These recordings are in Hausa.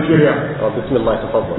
بسم الله تفضل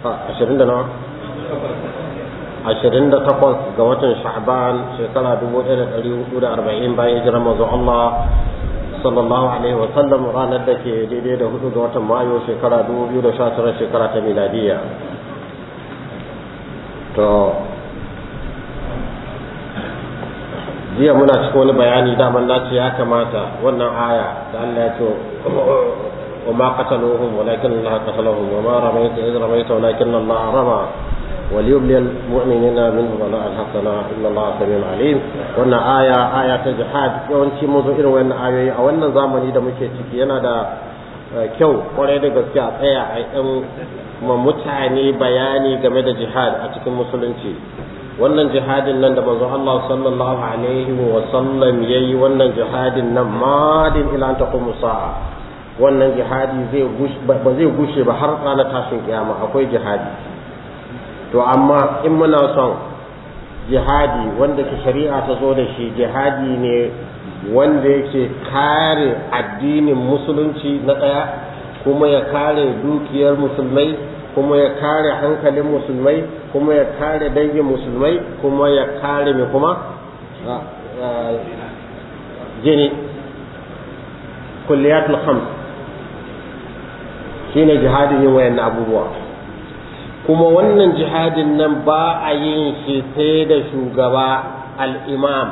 Ah, ashirin da nawa ashirin da takwas ga watan sha'ban shekara dubu ɗaya da ɗari hudu da arba'in bayan hijirar mazu Allah sallallahu alaihi wa sallam ranar da ke daidai da hudu ga watan mayu shekara dubu biyu da sha tara shekara ta miladiya to jiya muna cikin wani bayani daman na ce ya kamata wannan aya da Allah ya ce وما قتلوهم ولكن الله قتلهم وما رميت إذ رميت ولكن الله رمى وليبلي المؤمنين بلاء حسنا إن الله سميع عليم وأن آية آية yawanci mun zo irin wannan ayoyi a wannan zamani da muke ciki yana da kyau kwarai da gaske a tsaya a ɗan ma mutane bayani game da jihad a cikin musulunci wannan jihadin nan da manzo Allah sallallahu alaihi wa sallam yayi wannan jihadin nan madin ila ta sa'a wannan jihadi zai ba zai gushe ba har ranar tashin kiyama akwai jihadi to amma in muna son jihadi wanda ke shari'a ta zo da shi jihadi ne wanda yake kare addinin musulunci na ɗaya kuma ya kare dukiyar musulmai kuma ya kare hankalin musulmai kuma ya kare dangin musulmai kuma ya kare mai kuma ah, ah, jini kulliyatul khams Shi ne jihadin yin wayan abubuwa kuma wannan jihadin nan ba a yin shi sai da shugaba al'imam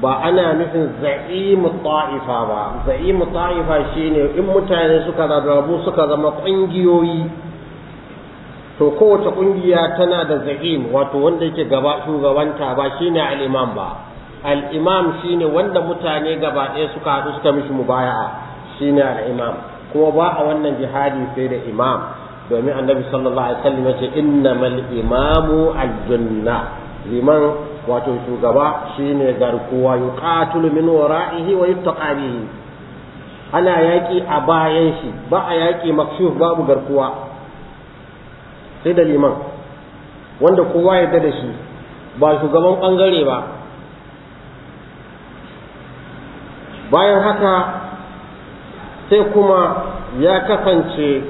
ba ana nufin za'imu ta'ifa ba za'imu ta'ifa shi ne in mutane suka rarrabu suka zama ƙungiyoyi to kowace ƙungiya tana da za'im wato wanda yake gaba shugabanta ba shi ne al'imam ba al'imam shi ne wanda mutane gaba ɗaya suka haɗu suka mishi mubaya'a ne al'imam kuma ba a wannan jihadi sai da imam domin annabi sallallahu alaihi wasallam yace innamal imamu al-junna liman wato shugaba shine garkuwa yuqatulu min wara'ihi wa yuttaqa bihi ana yaki a bayan shi ba a yaki makshuf babu garkuwa sai da liman wanda kowa ya da shi ba shugaban bangare ba bayan haka sai kuma ya kasance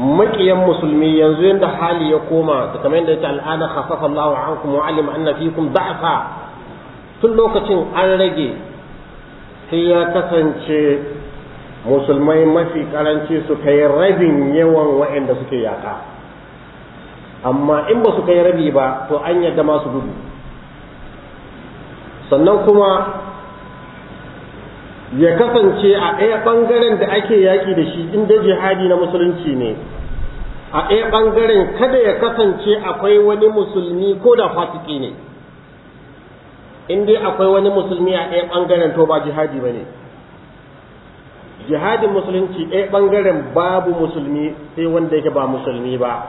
maƙiyan musulmi yanzu yadda hali ya koma da kamar yadda ce al'ada khasafa Allahu ankum wa alim anna fikum da'fa tun lokacin an rage sai ya kasance musulmai mafi karanci su kai rabin yawan waɗanda suke yaka amma in ba su kai rabi ba to an yadda masu gudu sannan kuma ya kasance a ɗaya ɓangaren da ake yaƙi da shi inda jihadi na musulunci ne a ɗaya ɓangaren kada ya kasance akwai wani musulmi ko da fasiki ne in dai akwai wani musulmi a ɗaya ɓangaren to ba jihadi ba ne jihadin musulunci ɗaya ɓangaren babu musulmi sai wanda yake ba musulmi ba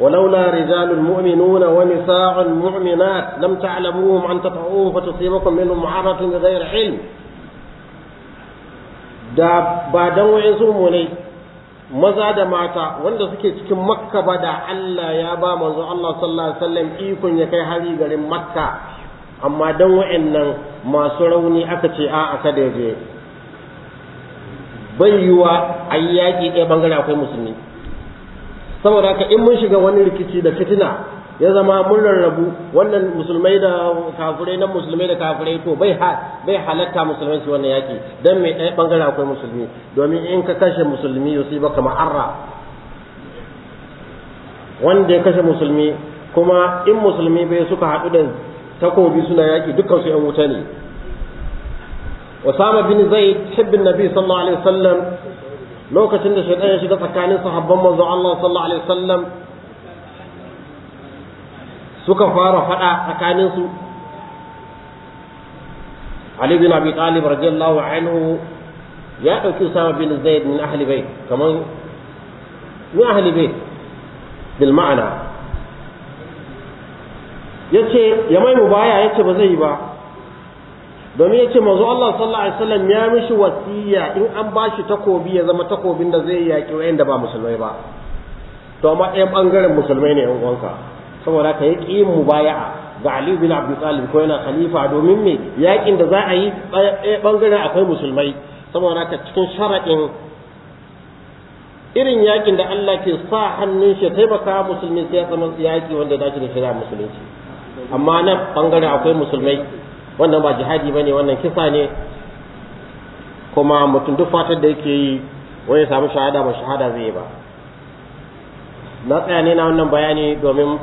ولولا رجال مؤمنون ونساء مؤمنات لم تعلموهم أن تطعوهم فتصيبكم منهم معرة بغير علم da ba don wa'insu mummunai maza da mata wanda suke cikin makka ba da Allah ya ba manzo Allah sallallahu alaihi wasallam ikon ya kai hari garin makka amma don wa'annan masu rauni aka ce a aka da je bai yiwa a yaƙi ɗaya bangare akwai musulmi saboda haka in mun shiga wani rikici da fitina ya zama mun rarrabu wannan musulmai da kafirai nan musulmai da kafirai to bai bai halatta musulmai su wannan yaki dan me ɗaya bangare akwai musulmi domin in ka kashe musulmi yusiba baka arra wanda ya kashe musulmi kuma in musulmi bai suka haɗu da takobi suna yaki dukkan su ƴan wuta ne Osama bin Zaid hibbin Nabi sallallahu alaihi wasallam lokacin da shaitan ya shiga tsakanin sahabban manzon Allah sallallahu alaihi wasallam suka fara faɗa tsakaninsu Ali bin Abi Talib radiyallahu anhu ya ɗauki Usama bin Zaid min ahli bayt kamar min ahli bayt bil ma'ana yace ya mai mubaya yace ba zai yi ba domin yace manzo Allah sallallahu alaihi wasallam ya mishi wasiya in an bashi takobi ya zama takobin da zai yaki wayanda ba musulmai ba to amma ɗayan bangaren musulmai ne yan uwanka saboda ka yi ƙi mubaya'a ga Ali bin Abi Talib ko yana khalifa domin me yakin da za a yi bangaren akwai musulmai saboda ka cikin sharaɗin irin yakin da Allah ke sa hannun shi taimaka musulmi sai ya zama yaki wanda dace da shari'a musulunci amma nan bangaren akwai musulmai wannan ba jihadi bane wannan kisa ne kuma mutum duk fatar da yake yi wani samu shahada ba shahada zai ba na tsaya ne na wannan bayani domin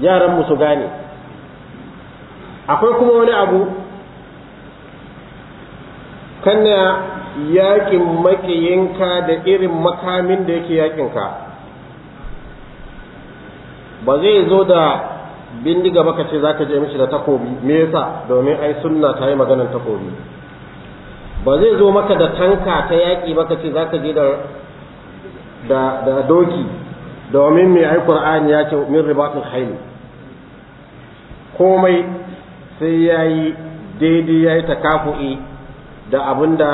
yaran mu su gane akwai kuma wani abu kana yakin makiyinka da irin makamin da yake yakinka ba zai zo da bindiga baka ce za ka je mishi da takobi me yasa domin ai sunna ta yi maganar takobi ba zai zo maka da tanka ta yaƙi baka ce za ka je da doki domin mai ai qur'ani ya ce min ribatul khayl komai sai ya yi daidai ya yi takafu'i da abin da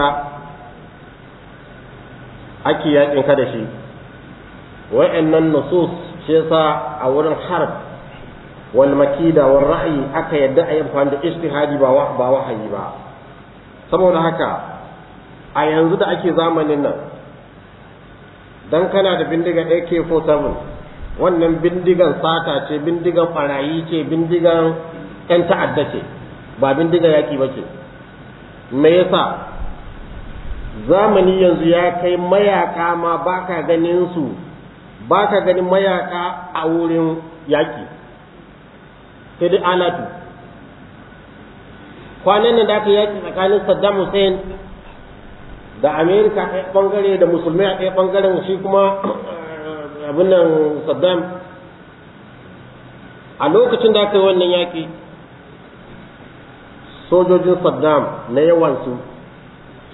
ake yakin ka da shi wa'annan nusus shi sa a wurin harb wal makida wal ra'ayi aka yadda a yi amfani da ijtihadi ba ba wahayi ba saboda haka a yanzu da ake zamanin nan dan kana da bindiga AK47 wannan bindigan sata ce bindigan farayi ce bindigan yan ta'adda ce ba bindigan yaƙi ba ce me yasa zamani yanzu ya kai mayaka ma ba ka ganin su ba ka ganin mayaka a wurin yaƙi sai dai alatu kwanan da aka yaƙi tsakanin saddam hussein da amerika a ɓangare da musulmai a ɗaya ɓangaren shi kuma abin nan saddam a lokacin da aka yi wannan yaƙi sojojin saddam na yawansu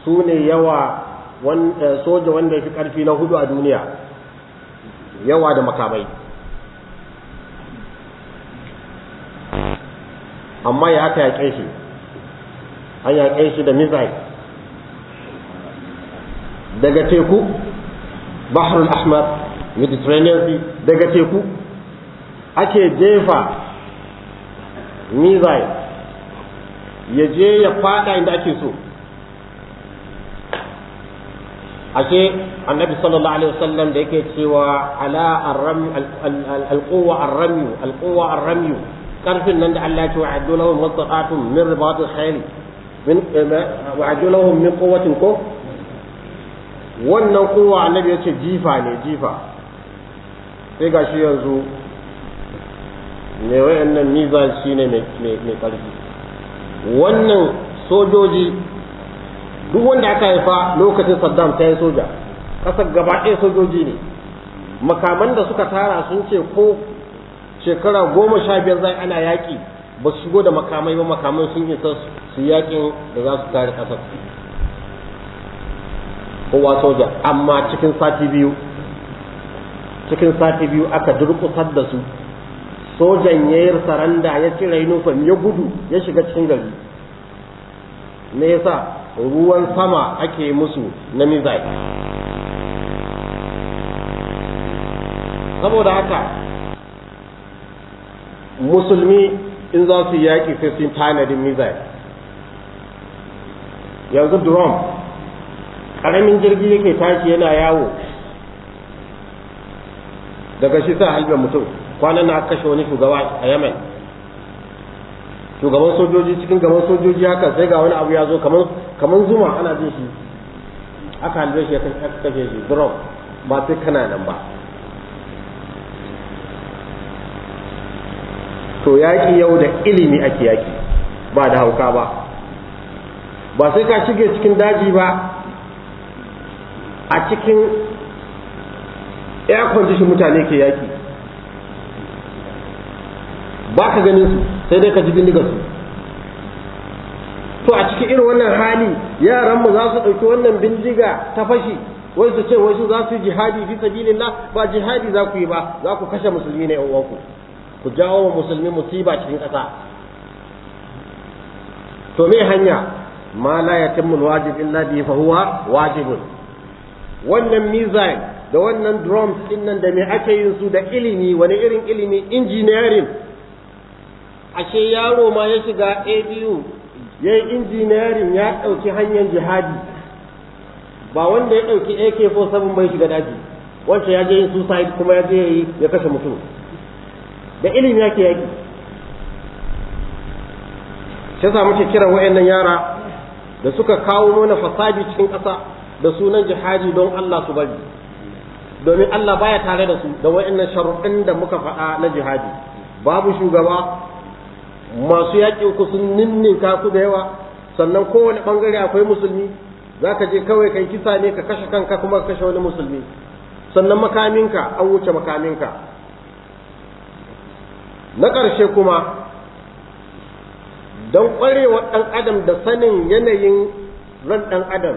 su ne yawa eh, soja wanda ya fi ƙarfi na hudu a duniya yawa da makamai amma ya haka yaƙe shi an yaƙe shi da mizai daga teku bahrul ahmar mediterranean sea daga teku ake jefa missile ya je ya fada inda ake so ake annabi sallallahu alaihi wasallam da yake cewa ala arram alquwa alquwa karfin nan da Allah ya ce wa adulahum min min eh, wa adulahum min quwwatin ko wannan kowa annabi ya ce jifa ne jifa sai ga shi yanzu mai wayannan mizan shi ne mai ƙarfi wannan sojoji duk wanda aka haifa lokacin saddam ta yi soja ƙasar gaba ɗaya sojoji ne makaman da suka tara sun ce ko shekara goma sha biyar zai ana yaƙi ba su shigo da makamai ba makamai sun isa su yaƙin da za su kare ƙasar kowa soja amma cikin sati biyu cikin sati biyu aka durƙusar da su sojan ya yi saranda ya cire nufan ya gudu ya shiga cikin gari me yasa ruwan sama ake musu na mizai saboda haka musulmi in za su yaƙi sai sun tanadin mizai yanzu drum ƙaramin jirgi yake tashi yana yawo daga shi sa halbe mutum kwanan na kashe wani shugaba a yamen shugaban sojoji cikin gaban sojoji haka sai ga wani abu ya zo kamar zuma ana jin shi aka halbe shi ya kashe shi drop ba sai kana nan ba to yaƙi yau da ilimi ake yaƙi ba da hauka ba ba sai ka shige cikin daji ba a cikin ya kwanci shi mutane ke yaki ba ka ganin su sai dai ka ji bindiga su to a cikin irin wannan hali yaranmu za su ɗauki wannan bindiga ta fashi wai su ce wai su za su yi jihadi fi sabilillah ba jihadi za ku yi ba za ku kashe musulmi ne uwanku ku jawo wa musulmi musiba cikin ƙasa to me hanya ma la yatimmu alwajib illa bi fa huwa wajibun wannan mizan da wannan drums din nan da me ake yin su da ilimi wani irin ilimi engineering ashe yaro ma ya shiga ABU ya yi engineering ya ɗauki hanyar jihadi ba wanda ya ɗauki AK-47 bai shiga daji wancan ya je yin suicide kuma ya je ya yi ya kashe mutum da ilimi yake yaki shi yasa muke kiran wayannan yara da suka kawo mana fasadi cikin ƙasa da sunan jihadi don Allah su bari domin Allah baya tare da su da wa'annan sharuɗin da muka faɗa na jihadi babu shugaba masu yaƙi ku sun ninninka ku da yawa sannan kowane ɓangare akwai musulmi za ka je kawai kai kisa ne ka kashe kanka kuma ka kashe wani musulmi sannan makaminka an wuce makaminka na ƙarshe kuma don ƙwarewar ɗan adam da sanin yanayin ran ɗan adam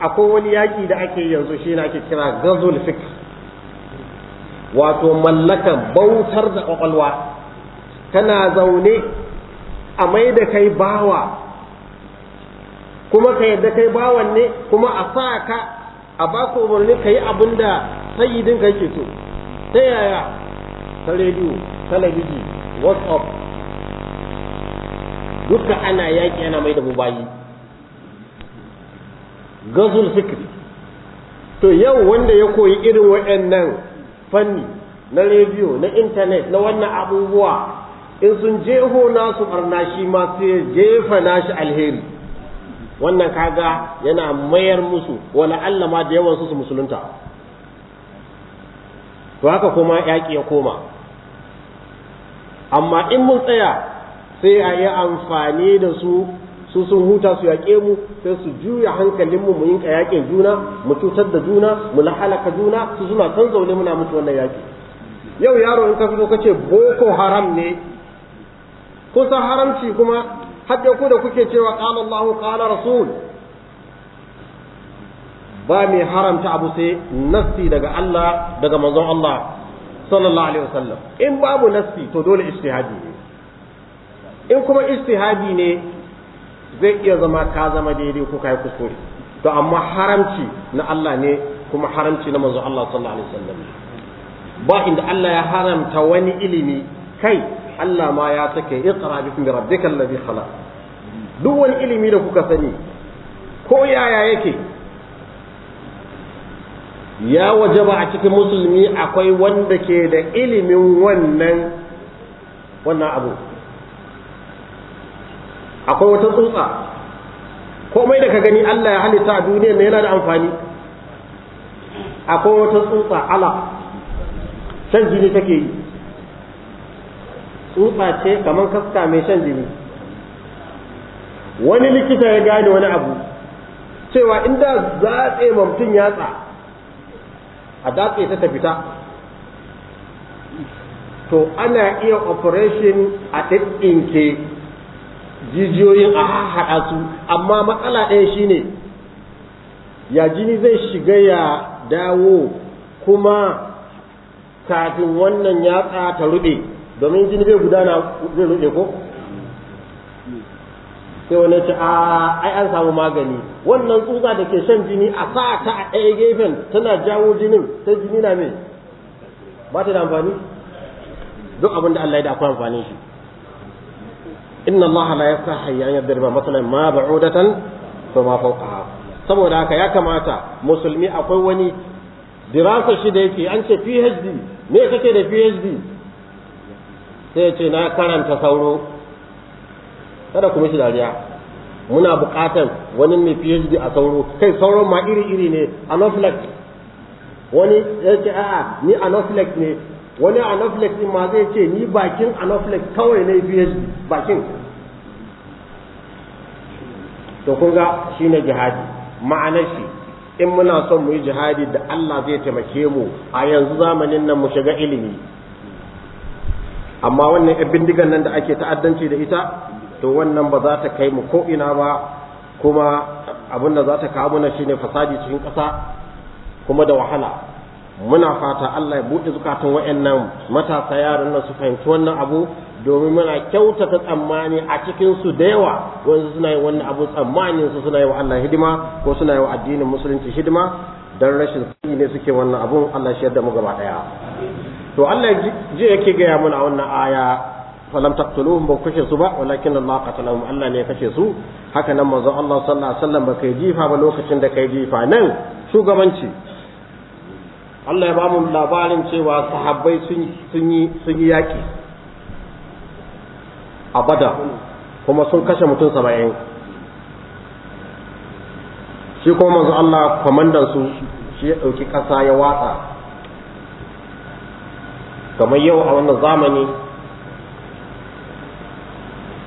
akwai wani yaƙi da ake yanzu shi ne ake kira gazul fik wato mallakan bautar da ƙwaƙwalwa Tana zaune a mai da kai bawa kuma ka yadda kai bawan ne kuma a sa ka a ba ku umarni ka yi abin da sayidin ka yake so ta yaya ta rediyo talabiji whatsapp duka ana yaƙi yana mai da mu bayi gazul fikri to yau wanda ya koyi irin waɗannan fanni na rediyo na intanet na wannan abubuwa in sun jeho nasu barna shi ma sai jefa nashi alheri wannan kaga yana mayar musu wala Allah ma da yawan su musulunta to haka kuma yaki ya koma amma in mun tsaya sai a yi amfani da su su sun huta su yaƙe mu sai su juya hankalin mu mu yinka yaƙin juna mu cutar da juna mu lahalaka juna su suna kan zaune muna mutu wannan yaƙi yau yaro in ka fito ka ce boko haram ne kusa haramci kuma har ku da kuke cewa qala Allah qala rasul ba mai haramta abu sai nassi daga Allah daga manzon Allah sallallahu alaihi wasallam in babu nassi to dole istihadi ne in kuma istihadi ne zai iya zama ka zama daidai ko kai kuskure to amma haramci na Allah ne kuma haramci na manzo Allah sallallahu alaihi wasallam ba inda Allah ya haramta wani ilimi kai Allah ma ya sake iqra ismi rabbika alladhi khalaq duk wani ilimi da kuka sani ko yaya yake ya wajaba a cikin musulmi akwai wanda ke da ilimin wannan wannan abu akwai wata tsutsa komai da ka gani Allah ya halitta a duniya mai yana da amfani akwai wata tsutsa ala shan jini take yi tsutsa ce kamar kaska mai shan jini wani likita ya gane wani abu cewa inda zatse mutum yatsa a datse ta fita to ana iya operation a ɗinɗinke jijiyoyin a haɗa su amma matsala ɗaya shine ya jini zai shiga ya dawo kuma kafin wannan yatsa ta ruɓe domin jini bai gudana zai ruɓe ko sai wani ce a ai an samu magani wannan tsutsa da ke shan jini a sa ta a ɗaya gefen tana jawo jinin sai jini na mai ba ta da amfani duk abin da Allah ya da akwai amfanin shi inna allaha la yasahi an yadriba matalan ma ba'udatan fa ma fawqaha saboda haka ya kamata musulmi akwai wani dirasa shi da yake an ce PhD me kake da PhD sai ya ce na karanta sauro kada kuma shi dariya muna buƙatar wani mai PhD a sauro kai sauro ma iri iri ne anopheles wani ya ce a'a ni anopheles ne wani anoflex din ma zai ce ni bakin anoflex kawai na phd bakin to kun ga shi shine jihadi ma'anar shi in muna son mu yi jihadi da Allah zai taimake mu a yanzu zamanin nan mu shiga ilimi amma wannan yan bindigan nan da ake ta'addanci da ita to wannan ba za ta kai mu ko ina ba kuma abin da za ta kawo mana shine fasadi cikin ƙasa kuma da wahala muna fata Allah ya buɗe zukatan wa'annan matasa yaran nan su fahimci wannan abu domin muna kyautata tsammani a cikin su da yawa wanda suna yi wannan abu tsammanin su suna yi wa Allah hidima ko suna yi wa addinin musulunci hidima dan rashin sani ne suke wannan abun Allah shi yadda mu gaba daya to Allah ji yake gaya mana wannan aya falam taqtuluhum ba kashe su ba walakin Allah qatalahum Allah ne ya kashe su haka nan manzo Allah sallallahu alaihi wasallam ba kai jifa ba lokacin da kai jifa nan shugabanci Allah ya bamu labarin cewa sahabbai sun yi sun yi yaki a bada kuma sun kashe mutum saba'in shi kuma manzo Allah kwamandan su shi ya ɗauki ƙasa ya watsa kamar yau a wannan zamani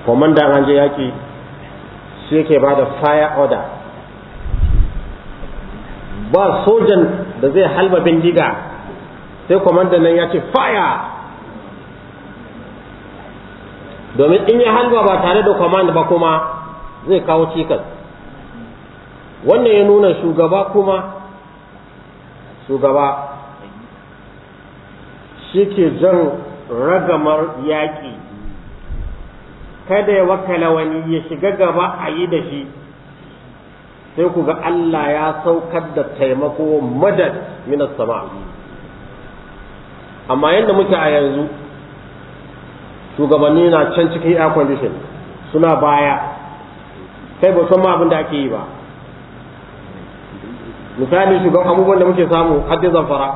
kwamandan an je yaki shi yake ba da fire order ba sojan da zai halba bindiga sai kwamandan nan ya ce fire domin in ya halba ba tare da command ba kuma zai kawo cikas wannan ya nuna shugaba kuma shugaba shi ke jan ragamar yaƙi kada ya wakala wani ya shiga gaba a yi da shi sai ku ga Allah ya saukar da taimako madad minas sama amma yadda muke a yanzu shugabanni na can cikin air condition suna baya sai ba san ma abin da ake yi ba misali shugaban abubuwan da muke samu haddin zamfara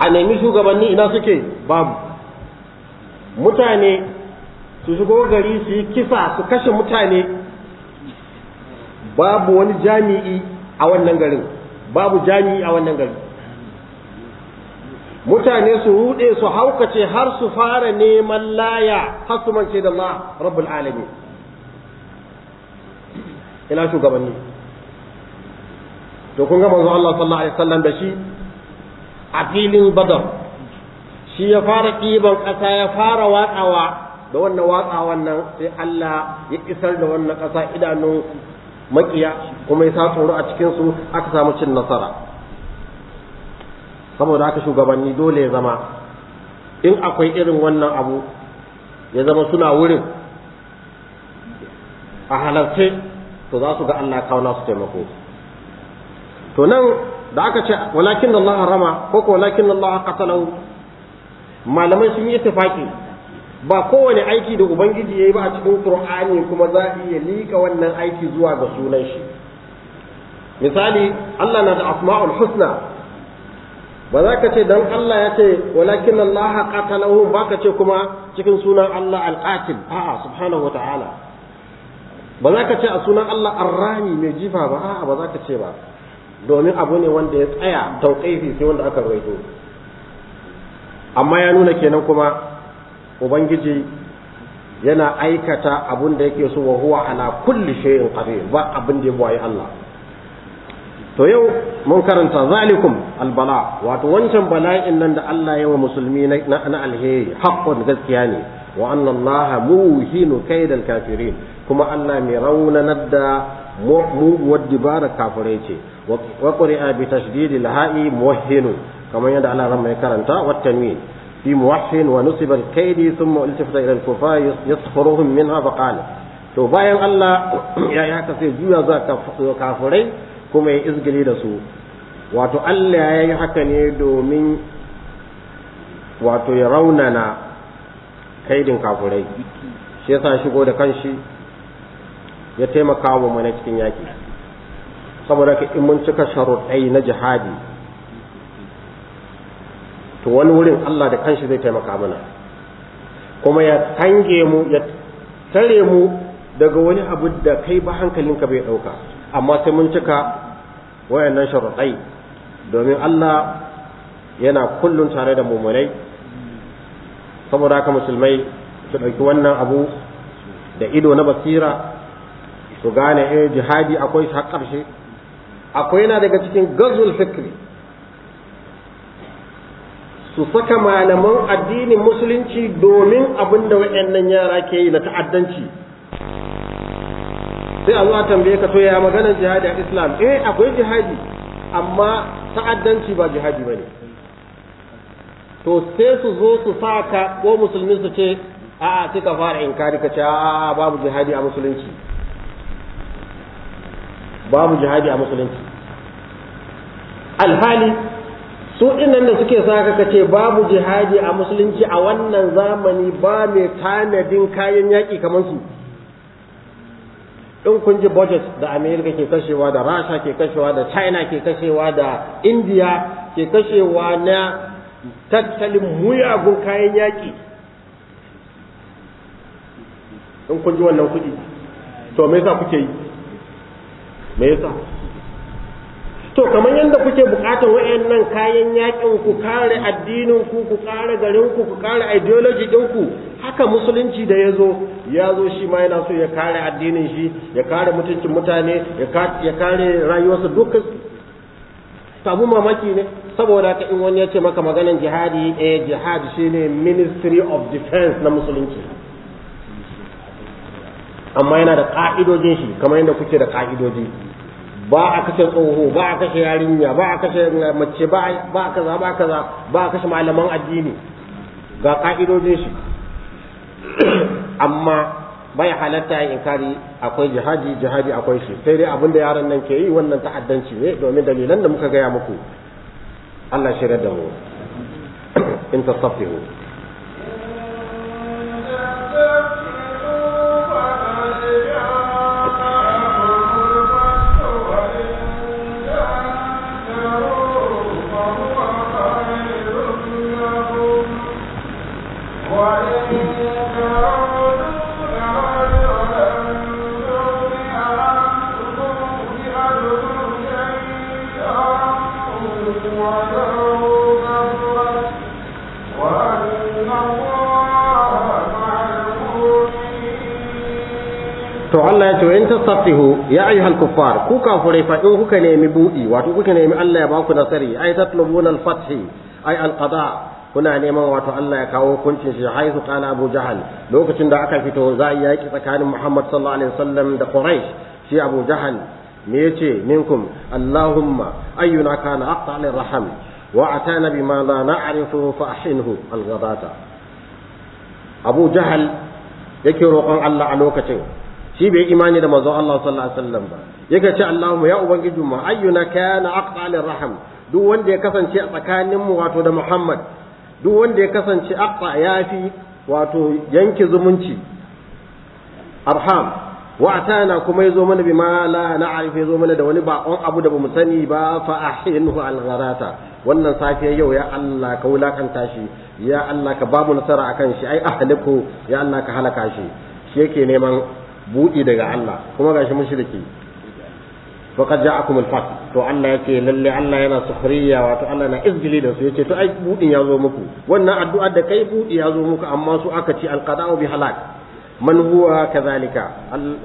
a nemi shugabanni ina suke babu mutane su shigo gari su yi kisa su kashe mutane babu wani jami'i a wannan garin babu jami'i a wannan garin mutane su hude su haukace har su fara neman laya har su mance da Allah rabbul alamin ina shugabanni to kun ga manzo Allah sallallahu alaihi wasallam da shi a filin badar shi ya fara ɗiban ƙasa ya fara watsawa da wannan watsawan nan, sai Allah ya isar da wannan ƙasa idanun Maƙiya kuma ya sa tsoro a cikin su aka samu cin nasara saboda haka shugabanni dole ya zama in akwai irin wannan abu ya zama suna wurin a halarce to za su ga Allah kawo nasu taimako to nan da aka ce walakin Allah harama ko ko walakin Allah qatalahu malamai sun yi tafaki ba kowane aiki da ubangiji ya yi ba a cikin Kur'ani kuma za a iya lika wannan aiki zuwa ga sunan shi misali Allah na da asma'ul husna ba za ka ce dan Allah ya ce walakin Allah qatalahu ba ka ce kuma cikin sunan Allah al-qatil a'a subhanahu wa ta'ala ba za ka ce a sunan Allah ar-rani mai jifa ba a'a ba za ka ce ba domin abu ne wanda ya tsaya tauqifi sai wanda aka rawaito amma ya nuna kenan kuma ubangiji yana aikata abin da yake so wa huwa ana kulli shay'in qadir ba abin da ya Allah to yau mun karanta zalikum albala wato wancan bala'in nan da Allah ya wa musulmi na alheri haqqun gaskiya ne wa anna Allah muhinu kaidal kafirin kuma Allah mai raunanar da muguwar dibara kafirai ce wa qur'a bi tashdidil ha'i muwahhinu kamar yadda Allah ran mai karanta wa tanwin في موحد ونصب الكيد ثم التفت إلى الكفاء يسخرهم منها فقال to bayan الله ya yi haka sai juya zuwa كما kuma ya واتو da su wato Allah ya yi haka ne domin wato ya raunana kaidin kafirai shi yasa shigo da kanshi ya taimaka wa mu cikin yaki saboda ka in mun cika sharuɗai na jihadi to wani wurin Allah da kanshi zai taimaka mana kuma ya tange mu ya tare mu daga wani abu da kai ba hankalinka bai ɗauka amma sai mun cika wayannan sharadai domin Allah yana kullun tare da mumunai saboda haka musulmai su ɗauki wannan abu da ido na basira su gane eh jihadi akwai shi har ƙarshe akwai yana daga cikin gazul fikri su saka malaman addinin musulunci domin abin da waɗannan yara ke yi na ta'addanci sai a zuwa tambaye ka to ya maganar jihadi a islam eh akwai jihadi amma ta'addanci ba jihadi ba ne to sai su zo su sa ko musulmi su ce a'a sai ka fara kari ka ce a'a babu jihadi a musulunci babu jihadi a musulunci alhali su inda da suke saka ka ce babu jihadi a musulunci a wannan zamani ba mai tanadin kayan yaƙi kamar su in kun ji budget da america ke kashewa da rasha ke kashewa da china ke kashewa da india ke kashewa na tattalin muyagun kayan yaƙi in kun ji wannan kuɗi to me yasa kuke yi me yasa to kamar yadda kuke bukatar wayannan kayan yakin ku kare addinin ku ku kare garin ku ku kare ideology din ku haka musulunci da yazo ya zo shi ma yana so ya kare addinin shi ya kare mutuncin mutane ya kare rayuwarsa dukkan tabu mamaki ne saboda ka in wani ya ce maka maganan jihadi eh jihad shine ministry of defense na musulunci amma yana da ka'idojin shi kamar yadda kuke da ka'idoji ba a kashe tsoho ba a kashe yarinya ba a kashe mace ba kaza ba kaza ba a kashe malaman addini ga ka'idodin shi amma bai halatta in inkari akwai jihadi jihadi akwai shi sai dai abin da yaran nan ke yi wannan ta'addanci ne domin dalilan da muka gaya muku Allah shirya da mu in tasaffihu tastafihu ya ayyuhal kuffar ku kafurai fa in kuka nemi budi wato kuka nemi Allah ya ba ku nasari ay tatlubuna al-fath ay al-qada kuna neman wato Allah ya kawo hukuncin shi haizu qala Abu Jahal lokacin da aka fito za a yaki tsakanin Muhammad sallallahu alaihi wasallam da Quraysh shi Abu Jahal me yace minkum Allahumma ayyuna kana aqta lirham wa atana bima la na'rifu fa ahinhu al-ghadata Abu Jahal yake roƙon Allah a lokacin shi bai imani da mazan Allah sallallahu alaihi wasallam ba yake ce Allahumma ya ubangiji mu ayyuna kana aqta raham duk wanda ya kasance a tsakanin mu wato da Muhammad duk wanda ya kasance aqta yafi wato yanke zumunci arham wa atana kuma yazo mana bi bima la na'rif yazo mana da wani bakon abu da bamu sani ba fa ahinhu algharata wannan safiyar yau ya Allah ka wulakanta shi ya Allah ka babu nasara akan shi ai ahliku ya Allah ka halaka shi shi yake neman buɗi daga Allah kuma gashi mushriki wa qad ja'akum al-fath to Allah yake lalle Allah yana sukhriya wato Allah na izgili da su yace to ai buɗin ya zo muku wannan addu'a da kai buɗi ya zo muku amma su aka ci al-qada'u bi halak man huwa kadhalika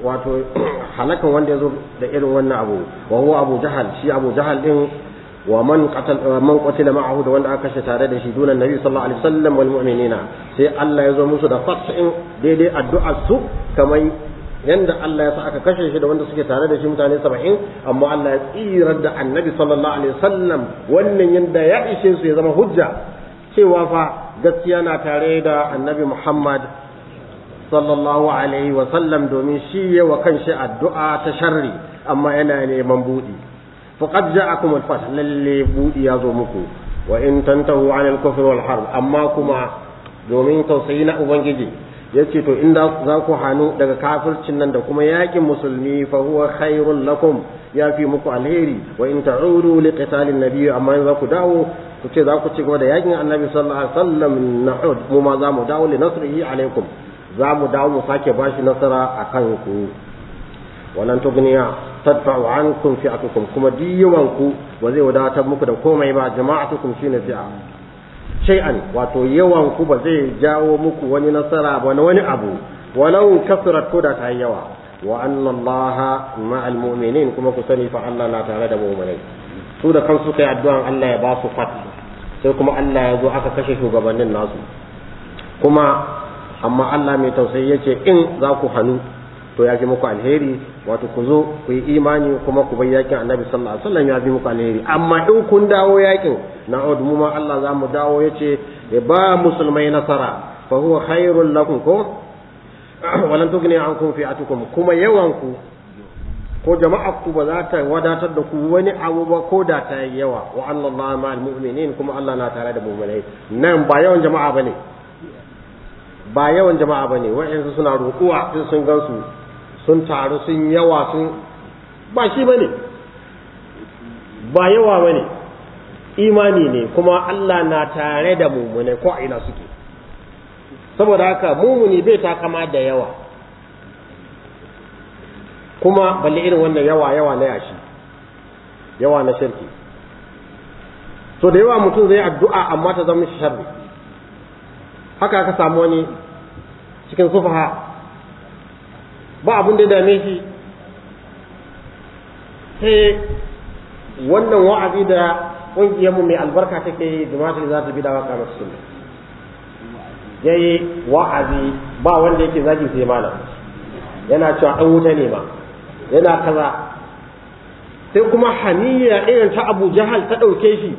wato halakan wanda ya zo da irin wannan abu wa huwa abu jahal shi abu jahal din wa man qatal man ma'ahu da wanda aka kashe tare da shi dunan nabi sallallahu alaihi wasallam wal mu'minina sai Allah ya zo musu da in daidai addu'a su kamar yanda Allah ya sa aka kashe shi da wanda suke tare da shi mutane saba'in amma Allah ya tsirar da Annabi sallallahu alaihi wasallam wannan yanda ya ishe su ya zama hujja cewa fa gaskiya na tare da Annabi Muhammad sallallahu alaihi wasallam domin shi ya wa kanshi addu'a ta sharri amma yana neman budi faqad ja'akum al-fath lalle budi ya zo muku wa in tantahu 'anil kufri wal harb amma kuma domin tausayi na ubangiji ya ce to in za ku hannu daga kafircin nan da kuma yakin musulmi fa huwa khairun lakum ya fi muku alheri wa in ta'udu li qitalin nabiy amma in za ku dawo ku ce za ku ci gaba da yakin annabi sallallahu alaihi wasallam na'ud mu ma za mu dawo li nasrihi alaikum za mu dawo mu sake bashi nasara akan ku walan tugniya tadfa'u ankum fi'atukum kuma diyawanku ku ba zai wadatar muku da komai ba jama'atukum shine fi'a shay'an wato yawan ku ba zai jawo muku wani nasara ba na wani abu walau kasrat ko da ta yawa wa anna allaha ma'al mu'minin kuma ku sani fa Allah na tare da mu'minai su da kansu kai addu'an Allah ya ba su fat sai kuma Allah ya zo aka kashe shugabannin nasu kuma amma Allah mai tausayi yace in za ku hanu to ya fi muku alheri wato ku zo ku yi imani kuma ku bai yakin annabi sallallahu alaihi wasallam ya fi muku alheri amma in kun dawo yakin na audu mu ma Allah za mu dawo yace ya eh, ba musulmai nasara fa huwa khairul lakum ko walan tugni ankum fi'atukum kuma yawan ku ko jama'ar ku ba za ta wadatar da ku wani abu ba ko da ta yi yawa wa Allah ma mu'minin kuma Allah na tare da mu'minai nan ba yawan jama'a bane ba yawan jama'a bane wa'ansu suna rukuwa sun gansu sun taru sun yawa sun ba shi ba ne ba yawa ba ne imani ne kuma Allah na tare da mumune ko a ina suke saboda haka mumuni bai ta kama da yawa kuma balle irin wannan yawa yawa na yashi yawa na shirki to da yawa mutum zai addu'a amma ta zama sharri haka aka samu wani cikin sufaha ba abin da dame shi sai wannan wa'azi da ƙungiyarmu mai albarka take yi jama'atul za ta bi da waka masu sunna yayi wa'azi ba wanda yake zagi sai mana yana cewa an wuta ne ma yana kaza sai kuma haniya irin ta abu jahal ta ɗauke shi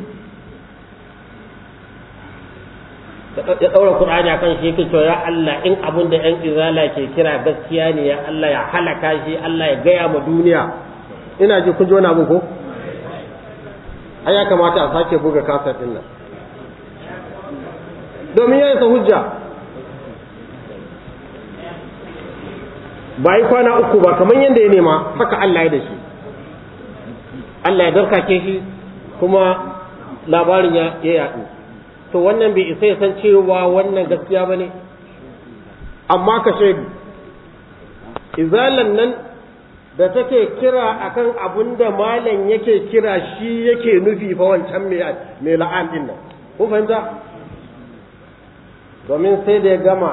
ya ɗaura Kur'ani akan shi yake cewa ya Allah in abin da ‘yan izala ke kira gaskiya ne ya Allah ya halaka shi Allah ya gaya ma duniya ina ji kun ji wani abin ko ai ya kamata a sake buga kasa din nan domin ya isa hujja ba yi kwana uku ba kamar yadda ya nema haka Allah ya da shi Allah ya darkake shi kuma labarin ya yaɗu to wannan bai isa ya san cewa wannan gaskiya ba ne amma ka shaidu izalan nan da take kira akan abun da malam yake kira shi yake nufi fa wancan mai la'an din nan ko fahimta domin sai da ya gama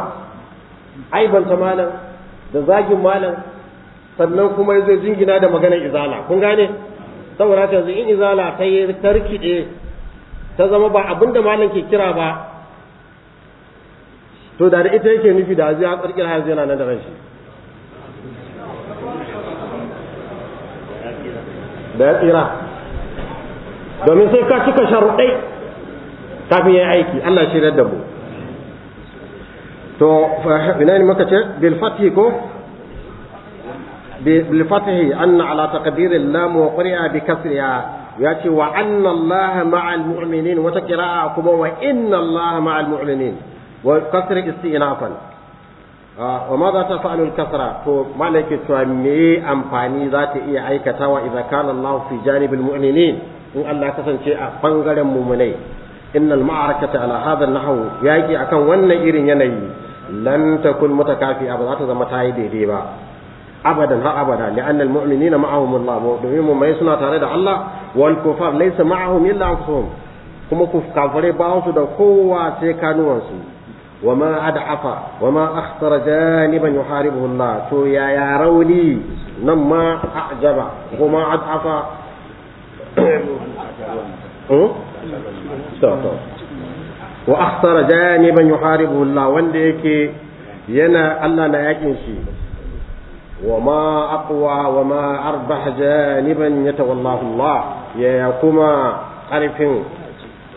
aibanta malam da zagin malam sannan kuma ya jingina da maganar izala kun gane saboda yanzu in izala ta yi tarkiɗe ta zama ba abin da malam ke kira ba to da ita yake nufi da ya karkira har yana nan da ranshi da ya tsira domin sai ka cika sharuɗai kafin ya aiki Allah shi da mu to ina ne muka ce bil fathi ko bil fathi anna ala taqdir lam wa qari'a bi kasriha ya ce wa anna allah ma'al mu'minin wata qira'a kuma wa inna allah ma'al mu'minin wa kasar istinafan ah, wa ma za ta fa'alul kasra to malaka cewa me amfani za ta iya aikatawa idza kana allah fi janibil mu'minin in allah kasance a bangaren mu'minai innal ma'arakata ala hadha an-nahw yaqi akan wannan irin yanayi lan takun mutakafi ba za ta zama ta yi daidai ba abadan har abada li'anna almu'minina ma'ahum Allah suna tare da Allah wal kufar laysa ma'ahum illa anfusuhum kuma kafare ba su da kowa sai kanuwansu wa ma ad'afa wa ma akhtara janiban yuharibuhu Allah to ya ya rauni nan ma ajaba kuma ad'afa hmm? wa akhtara janiban yuharibuhu Allah wanda yake yana Allah na yakin shi وما أقوى وما أربح جانبا يتولاه الله يا كما عارف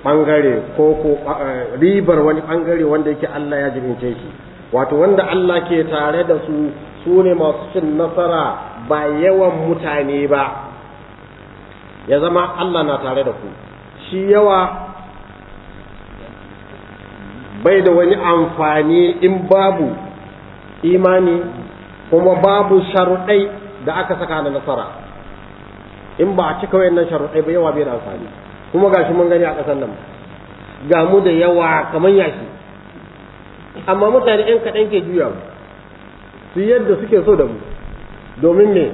bangare ko ko ribar wani bangare wanda yake Allah ya jibince shi wato wanda Allah ke tare da su su ne masu cin nasara ba yawan mutane ba ya zama Allah na tare da ku shi yawa bai da wani amfani in babu imani kuma babu sharuɗai da aka saka na nasara in ba a cika wayannan sharuɗai ba yawa bai da amfani kuma gashi mun gani a ƙasar nan ga mu da yawa kamar yashi amma mutane ɗan kaɗan ke juya mu su yadda suke so da mu domin me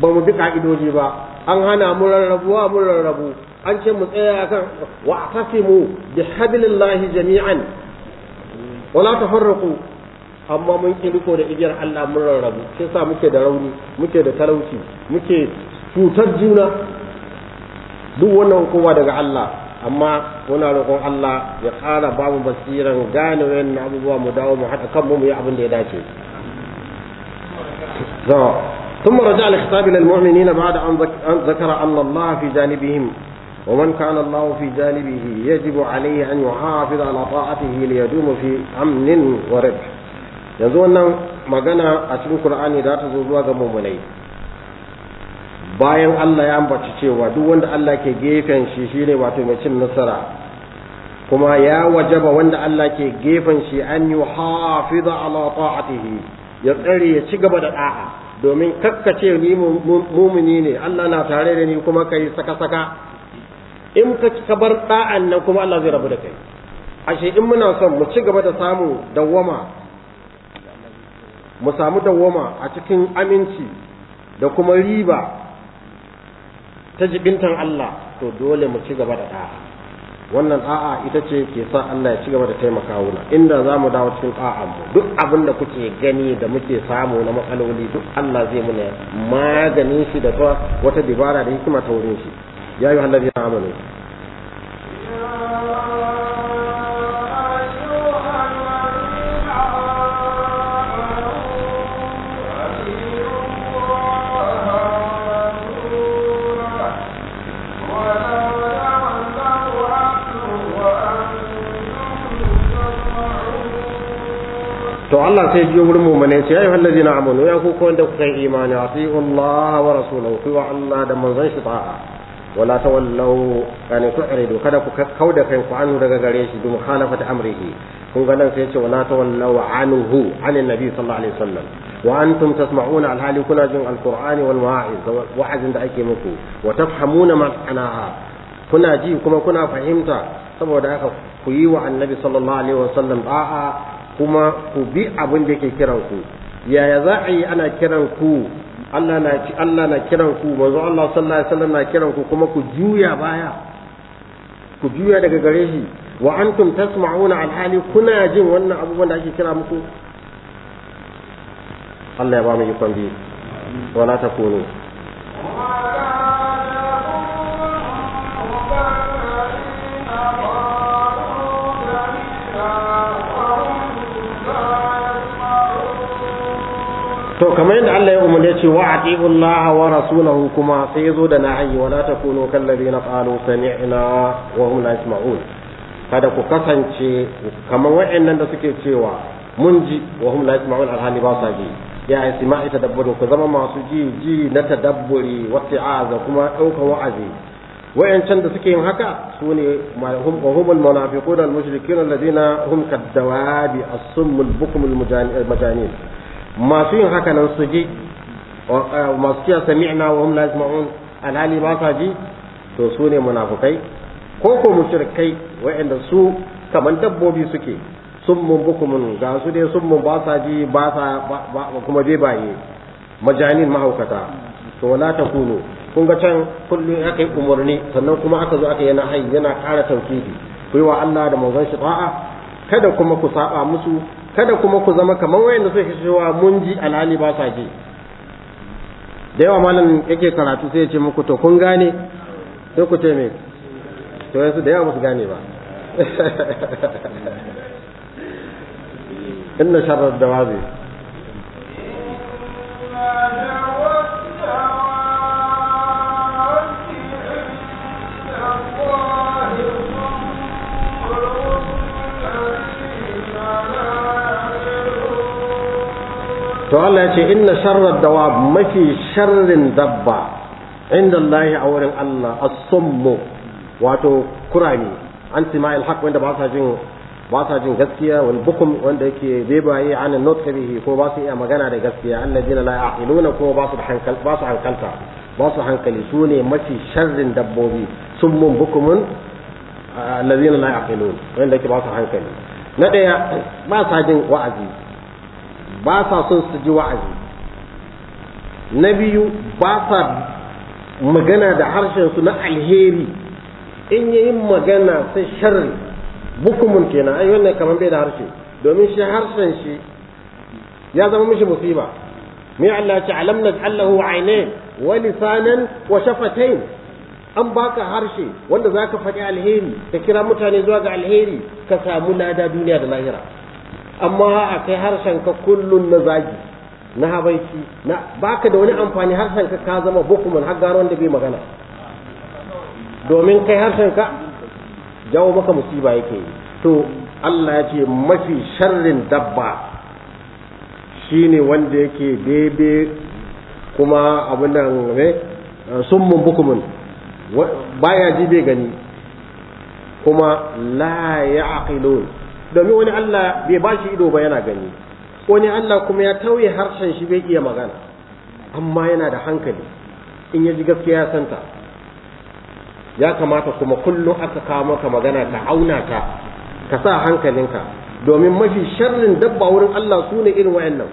ba mu bi ƙa'idoji ba an hana mu rarrabuwa mu rarrabu an ce mu tsaya akan wa mu bi hablillahi jami'an wala tafarraqu amma mun ki riko da igiyar Allah mun rarrabu shi yasa muke da rauni muke da talauci muke cutar juna duk wannan kowa daga Allah amma muna roƙon Allah ya ƙara ba mu basiran gane wayannan abubuwa mu dawo mu haɗa kanmu mu yi abin da ya dace ثم رجع الخطاب إلى المؤمنين بعد أن ذكر أن الله في جانبهم ومن كان الله في جانبه يجب عليه أن يحافظ على طاعته ليدوم في أمن وربح yanzu wannan magana a cikin Qur'ani za ta zo zuwa ga mummunai bayan Allah ya ambaci cewa duk wanda Allah ke gefen shi shine wato mai cin nasara kuma ya wajaba wanda Allah ke gefen shi an yi hafiza ala ta'atihi ya tsare ya ci gaba da da'a domin kakkace ni mumuni ne Allah na tare da ni kuma kai saka saka in ka bar da'an nan kuma Allah zai rabu da kai ashe in muna son mu ci gaba da samu dawwama mu samu dawwama a cikin aminci da kuma riba ta jibintan Allah to dole mu ci gaba da ta'a wannan a'a ita ce ke sa Allah ya ci gaba da taimaka wuna inda za mu dawo cikin a'a mu duk abin da kuke gani da muke samu na matsaloli duk Allah zai muna maganin shi da wata dibara da hikima ta wurin shi ya yi hallabi ya amanu Allah sai biyo wurin mumane ce ayyuhal ladina amanu ya ku wanda kuka yi imani atiu Allah wa rasulahu ku wa Allah da manzon shi ta'a wala kada ku kauda kai ku anu daga gare shi bi mukhalafati amrihi kun ga nan sai ce wala anhu anin nabi sallallahu alaihi wasallam wa antum tasma'una alhali kuna jin alqur'ani wal wa'iz da ake muku wa tafhamuna ma'anaha kuna ji kuma kuna fahimta saboda haka ku yi wa annabi sallallahu alaihi wasallam da'a kuma ku bi abin da yake kiran ku yaya za a yi ana kiran ku Allah na Allah na kiran ku manzo Allah sallallahu alaihi wasallam na kiran ku kuma ku juya baya ku juya daga gare shi wa antum tasma'una alhali kuna jin wannan abubuwan da ake kira muku Allah ya ba mu ikon na ta takunu to kamar yadda Allah ya umarni ce wa atiullaha wa rasulahu kuma sai yazo da nahi wa la takunu kal ladina qalu sami'na wa hum la yasma'un kada ku kasance kamar waɗannan da suke cewa mun ji wa hum la yasma'un alhali ba sa ji ya ai sima'i ku zama masu ji ji na tadabburi wa ti'aza kuma ɗaukar wa'azi wayancan da suke yin haka su ne wahumul munafiquna al-mushrikuna alladhina hum kadawabi as-summul bukumul majanin masu yin haka nan su ji masu cewa sami'na wa hum la yasma'un alhali ba sa ji to su ne munafukai ko ko mushrikai wa'anda su kaman dabbobi suke sun mun bukumun ga su dai sun mun ba sa ji ba sa kuma bebaye majanin mahaukata to la takunu kun ga can kullu aka yi umarni sannan kuma aka zo aka yana hayi yana kara tauhidi ku yi wa Allah da manzon shi ta'a kada kuma ku saba musu kada kuma ku zama kamar wayanda suke cewa mun ji alhali ba sa ji da yawa malam yake karatu sai ya ce muku to kun gane sai ku ce me to yanzu da yawa ba su gane ba inna sharar da wazi to Allah ya ce inna sharra dawa mafi sharrin dabba inda Allah a wurin Allah as-summu wato kurani an tima'il haq wanda ba sa jin ba sa jin gaskiya wal bukum wanda yake bebaye an not kabihi ko ba su iya magana da gaskiya alladina la ya'iluna ko ba su hankal ba su hankalta ba su hankali su ne mafi sharrin dabbobi summun bukumun alladina la ya'qilun wanda yake ba su hankali na daya ba sa jin wa'azi ba sa son su ji wa'azi na biyu ba sa magana da harshensu na alheri in yi magana sai sharri bukumun kenan ai wannan kamar bai da harshe domin shi harshen shi ya zama mishi musiba mai Allah ce alam allahu aine wa lisanan wa shafatain an baka harshe wanda zaka faɗi alheri ka kira mutane zuwa ga alheri ka samu lada duniya da lahira amma a kai harshen ka kullum na zagi na habaici na baka da wani amfani harshen ka ka zama bukuman har gano wanda bai magana domin kai harshen ka jawo maka musiba yake to Allah ya ce mafi sharrin dabba shine wanda yake bebe kuma abin nan ne summun bukumin baya ji bai gani kuma la ya aqilun domin wani Allah bai ba shi ido ba yana gani wani Allah kuma ya tauye harshen shi bai iya magana amma yana da hankali in ya ji gaskiya ya santa ya kamata kuma kullum aka kawo maka magana ta auna ta ka sa hankalinka domin mafi sharrin dabba wurin Allah su ne irin wayannan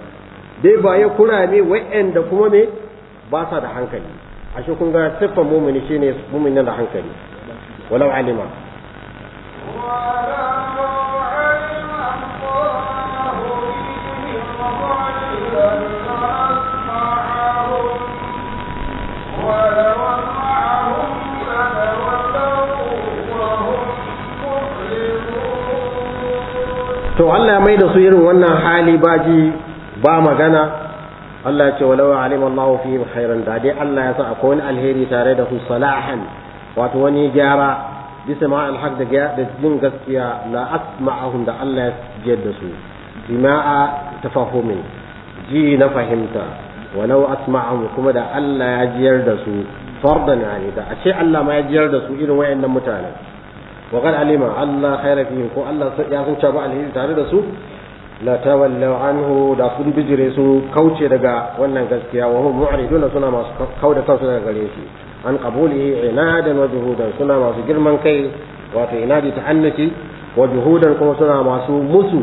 dai ba ya kura ne wayanda kuma me ba sa da hankali ashe kun ga siffar mumini shine muminin da hankali walau alima to Allah mai da su irin wannan hali baji ba magana Allah ya ce walau alim Allah fi khairan da dai Allah ya sa akwai wani alheri tare da su salahan wato wani gyara bisa ma alhaq da jin gaskiya la asma'ahum da Allah ya jiyar da su jima'a tafahumin ji na fahimta walau asma'ahum kuma da Allah ya jiyar da su fardan yani da a Allah ma ya jiyar da su irin wayannan mutane wa qad alima Allah khaira fi ko Allah ya san cewa alheri tare da su la tawallu anhu da sun bijire su kauce daga wannan gaskiya wa hum mu'riduna suna masu kauda kansu daga gare shi an qabulihi inadan wa juhudan suna masu girman kai wato inadi ta annaci wa juhudan kuma suna masu musu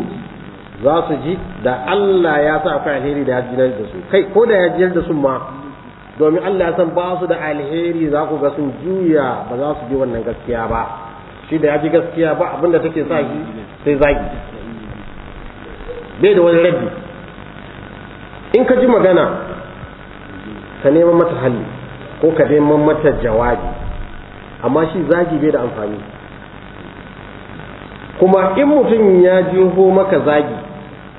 za su ji da Allah ya sa akwai alheri da ya jinar da su kai ko da ya jinar da su ma domin Allah ya san ba su da alheri za ku ga sun juya ba za su ji wannan gaskiya ba shi da ya ji gaskiya ba abinda take sa shi sai zagi bai da wani rabi in ka ji magana ka neman mata hali. ko ka dai mata jawabi amma shi zagi bai da amfani kuma in mutum ya jiho maka zagi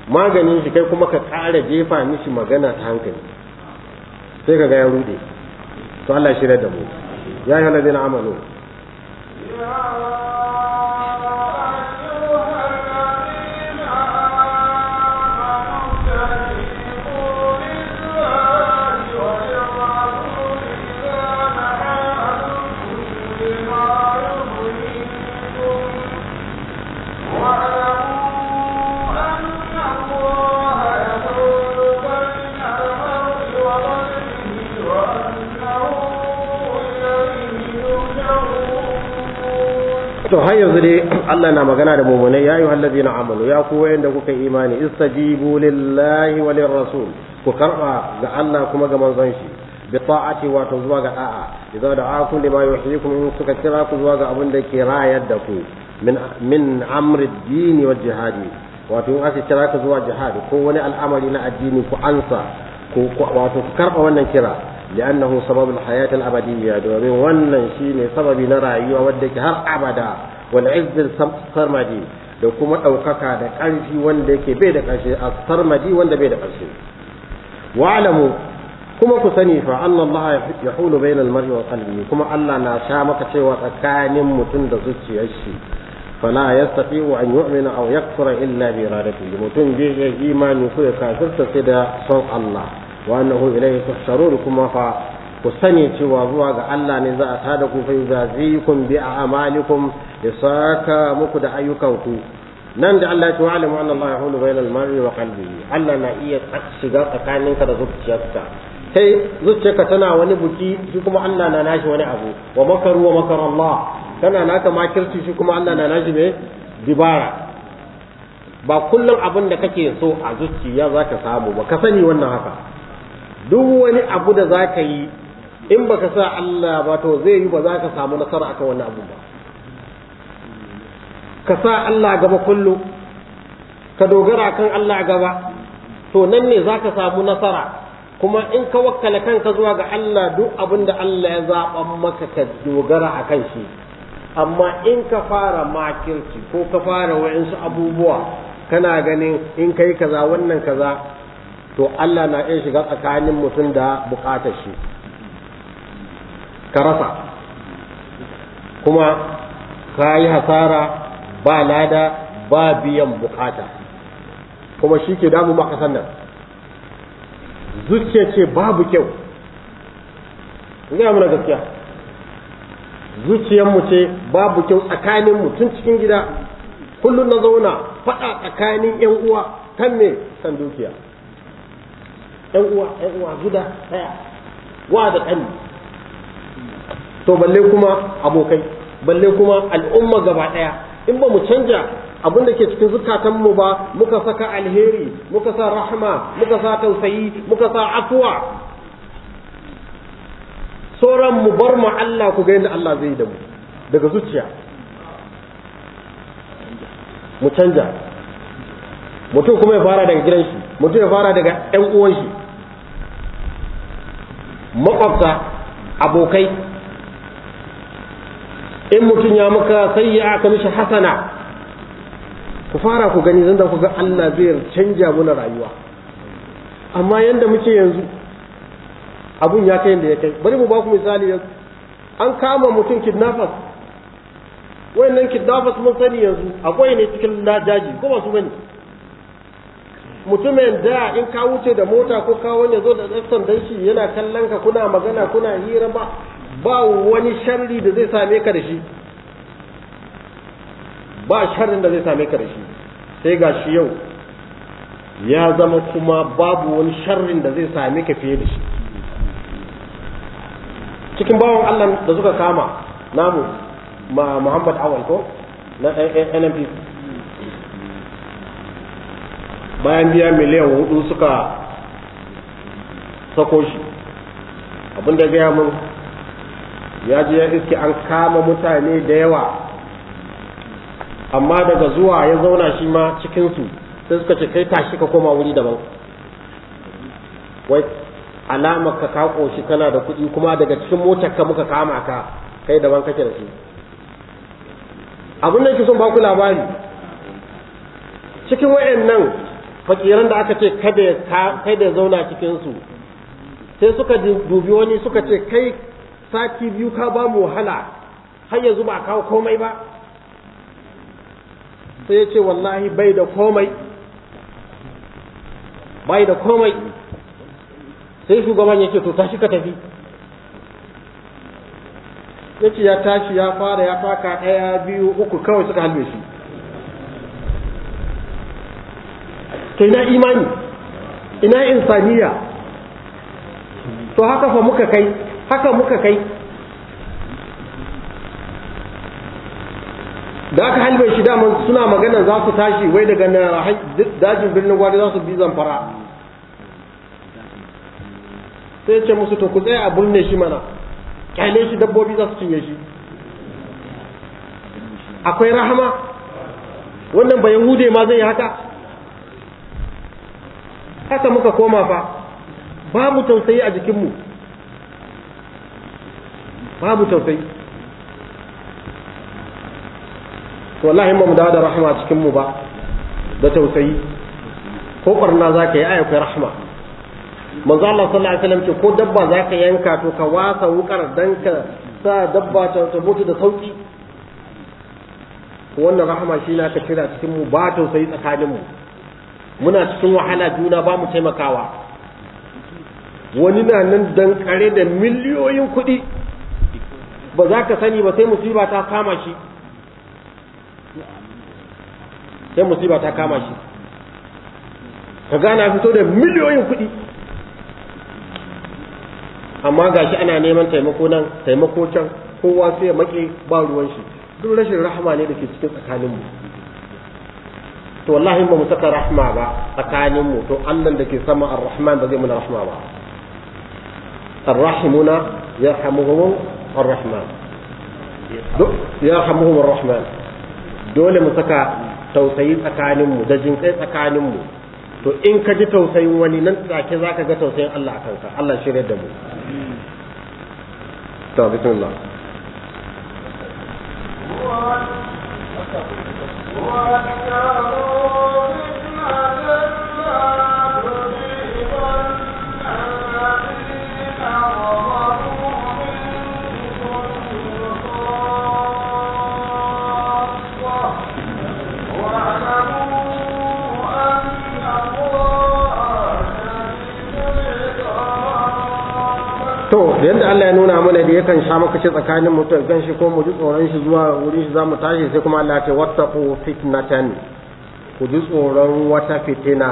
maganin shi kai kuma ka ƙara jefa mishi magana ta hankali sai ka ga ya rude to Allah shi da mu ya yi halazin amanu to har yanzu dai Allah na magana da mumunai ya yi hallazi na amalu ya ku wayanda kuka imani istajibu lillahi wa rasul ku karba ga Allah kuma ga manzon shi bi ta'ati wato zuwa ga da'a idza da'akum lima yuhyikum in suka kira ku zuwa ga abin da ke rayar da ku min min amri dini wa jihadi wato in aka kira ku zuwa jihadi ko wani al'amari na addini ku ansa ku wato ku karba wannan kira لأنه سبب الحياة الأبدية domin wannan shine sababi na rayuwa wadda ke har abada wal izz sarmadi da kuma ɗaukaka da karfi wanda yake bai da ƙarshe a sarmadi wanda bai da karshe wa'lamu kuma ku sani fa Allah yahulu bayna bayan mari wa qalbi kuma Allah na sha maka cewa tsakanin mutum da zuciyar shi fala yastati'u an yu'mina aw yakfura illa bi iradatihi mutum bai imani ko ya kafirta sai da son Allah wa annahu ilayhi tuhsharun kuma fa ku sani cewa zuwa ga Allah ne za a tada ku fa yuzazikum bi a'malikum yasaka muku da ayyukanku nan da Allah ya ce alimu anna Allah yahulu bainal mar'i wa qalbihi Allah na iya shiga tsakaninka da zuciyarka sai zuciyarka tana wani buki shi kuma Allah na nashi wani abu wa makaru wa makar Allah kana naka makirci shi kuma Allah na nashi ne dibara ba kullum abin da kake so a zuciya zaka samu ba ka sani wannan haka duk wani abu da za ka yi in ba ka sa Allah ba to zai yi ba za ka samu nasara akan wani abu ba ka sa Allah gaba kullu ka dogara kan Allah gaba to nan ne za ka samu nasara kuma in ka wakkala kanka zuwa ga Allah duk abin da Allah ya zaɓan maka ka dogara a kan shi amma in ka fara makirci ko ka fara wa'insu abubuwa kana ganin in kai kaza wannan kaza to Allah na iya shiga tsakanin mutum da bukatar shi ka rasa kuma ka yi hasara ba lada ba biyan bukata kuma shi ke damu maka nan. zuciya ce babu kyau gaya gaskiya zuciyarmu ce babu kyau tsakanin mutum cikin gida kullum na zauna faɗa tsakanin 'yan uwa kan me san dukiya ɗan uwa ɗan uwa guda ɗaya wa da ƙani to balle kuma abokai balle kuma al'umma gaba ɗaya in ba mu canja abin da ke cikin zukatanmu ba muka saka alheri muka sa rahama, muka sa tausayi muka sa afuwa sauran mu bar mu Allah ku ga yadda Allah zai yi da mu daga zuciya mu canja mutum kuma ya fara daga gidan shi mutum ya fara daga 'yan uwan shi makwabta abokai in mutum ya maka sayya aka mishi hasana ku fara ku gani zan da ku ga Allah zai canja muna rayuwa amma yanda muke yanzu abun ya kai yanda ya kai bari mu ba ku misali yanzu an kama mutum kidnappers wayannan kidnappers mun sani yanzu akwai ne cikin daji ko ba su bane mutumin da in ka wuce da mota ko ka wani zo da tsaftan dan shi yana kallon ka kuna magana kuna hira ba ba wani sharri da zai same ka da shi ba sharrin da zai same ka da shi sai ga shi yau ya zama kuma babu wani sharrin da zai same ka fiye da shi cikin bawan Allah da suka kama namu Muhammad Awal ko na eh, eh, NNPC bayan biya miliyan hudu suka sako shi abin da gaya mun ya je ya iske an kama mutane da yawa amma daga zuwa ya zauna shi ma cikinsu sai suka ce kai tashi ka koma wuri daban wai alama ka ka koshi kana da kuɗi kuma daga cikin motar ka muka kama ka kai daban kake da shi abin da yake son ba ku labari cikin wayannan fakiran da aka ce kada ya kada zauna cikin su sai suka dubi wani suka ce kai sati biyu ka ba mu wahala har yanzu ba kawo komai ba sai ya ce wallahi bai da komai bai da komai sai shugaban ya ce to tashi ka tafi ya ya tashi ya fara ya faka ɗaya biyu uku kawai suka halbe shi ta ina imani ina insaniya to haka fa muka kai haka muka kai da aka halbe shi daman suna magana za su tashi wai daga na dajin birnin gwari za su bi zamfara sai ce musu to ku tsaya a burne shi mana kyale shi dabbobi za su cinye shi akwai rahama wannan bayan hude ma zai haka haka muka koma fa babu tausayi a jikinmu babu tausayi wallahi ba mu dawo da rahama a cikinmu ba da tausayi ko barna za ka yi ayyuka rahama manzo Allah sallallahu alaihi wasallam ce ko dabba za ka yanka to ka wasa wukar dan ka sa dabba ta mutu da sauki wannan rahama shi na aka cira cikin mu ba tausayi tsakanin mu muna cikin wahala juna ba mu taimakawa wani na nan dankare da miliyoyin kuɗi ba za ka sani ba sai musiba ta kama shi sai musiba ta kama shi ka gana fito da miliyoyin kuɗi amma gashi ana neman taimako nan taimako can kowa sai ya ba ruwan shi duk rashin rahama ne da ke cikin tsakaninmu to wallahi ba mu saka rahma ba tsakanin mu to Allah da ke sama ar-rahman ba zai muna rahma ba ar-rahimuna yarhamuhum ar-rahman yarhamuhum ar-rahman dole mu saka tausayi tsakanin mu da jinkai tsakanin mu to in ka ji tausayin wani nan take zaka ga tausayin Allah a kanka Allah shirye da mu to bismillah وَكَرَمُوا فِتْنَةً da yadda Allah ya nuna mana da yakan sha makace tsakanin mutum gan shi ko mu ji tsoron shi zuwa wurin shi zamu tashi sai kuma Allah ya ce wattaqu fitnatan ku ji tsoron wata fitina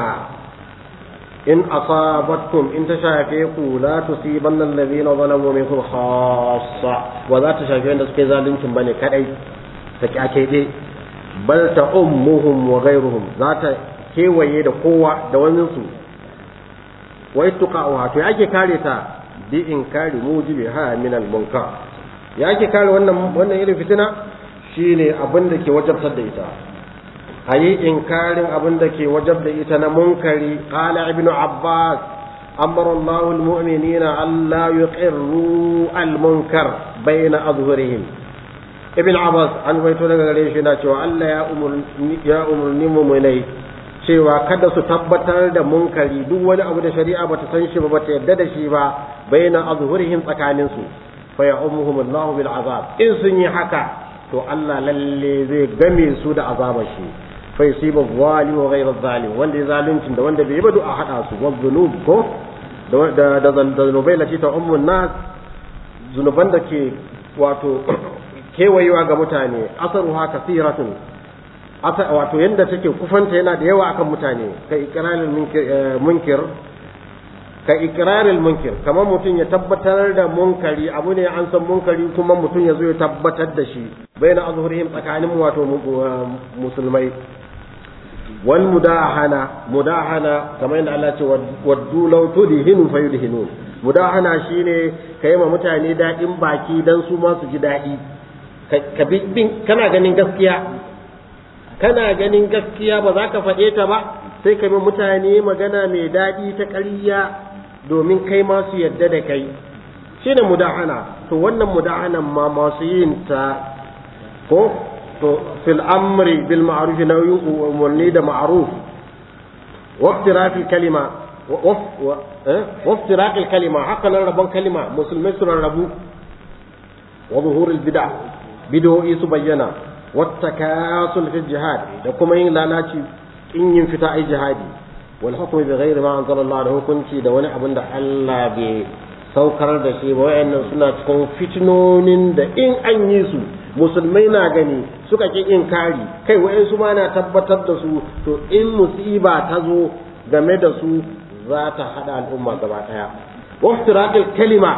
in asabatkum in ta shafe ku la tusiban allazina zalamu minkum khassa wa za ta shafe wanda suke zaluncin bane kadai ta kyakede bal ta ummuhum wa ghayruhum za ta kewaye da kowa da wani su wai tuqa'uha ya yake kare ta bi inkari mujibi ha min al munkar ya ke kare wannan wannan irin fitina shine abin da ke wajabta da ita ayi karin abin da ke wajabta da ita na munkari qala ibnu abbas amara allah al mu'minina an yuqirru al munkar bayna adhhurihim ibn abbas an waito daga gare shi na cewa allah ya umurni ya umurni mu cewa kada su tabbatar da munkari duk wani abu da shari'a bata san shi ba bata yadda da shi ba bayna azhurihim tsakanin su fa ya'umuhum Allah bil azab in sun yi haka to Allah lalle zai game su da azabar shi fa yusibu zalim wa ghayra zalim wanda ya zaluncin da wanda bai yi ba du'a hada su wa dhunub ko da da zanubai lati ta ummun nas zunuban da ke wato kewayewa ga mutane asaruha kasiratun wato yadda take kufanta yana da yawa akan mutane ka ikirarin eh, munkir ka ikirarin munkir kamar mutum ya tabbatar da munkari abu ne an san munkari kuma mutum ya zo ya tabbatar da shi bai na azhurihim tsakanin wato eh, musulmai wal mudahana mudahana kamar yadda Allah ce waddu law tudhinu fayudhinun mudahana shine kai ma mutane dadin baki dan su ma su ji dadi ka bin kana ganin gaskiya kana ganin gaskiya ba za ka faɗe ta ba sai ka bi mutane magana mai daɗi ta ƙarya domin kai masu yadda da kai shi shine mudahana to wannan mudahanan ma masu yin ta ko to fil amri bil ma'ruf nawi umarni da ma'ruf وافتراق الكلمة وف... و... اه؟ وافتراق الكلمة حقا ربان كلمة مسلمين سر ربو وظهور البدع بدو إيسو بينا wata kasul fi jihad da kuma yin lalaci in yin fita ai jihadi wal hukm bi ghairi ma anzalallahu Allah hukunci da wani abin da Allah bai saukar da shi ba wayannan suna cikin fitnonin da in an yi su musulmai na gani suka ki inkari kai wayansu ma na tabbatar da su to in musiba ta zo game da su za ta hada al'umma gaba daya wa kalima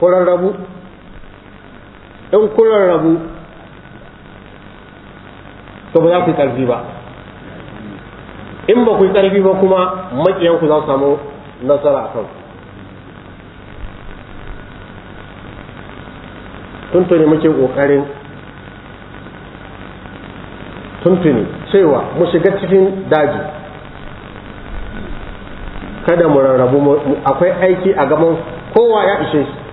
ko rarrabu in kun rarrabu to ba za ku yi ba in ba ku yi ƙarfi ba kuma ku za su samu nasara a kanku tuntuni muke ƙoƙarin tuntuni cewa mu shiga cikin daji kada mu rarrabu akwai aiki a gaban kowa ya ishe shi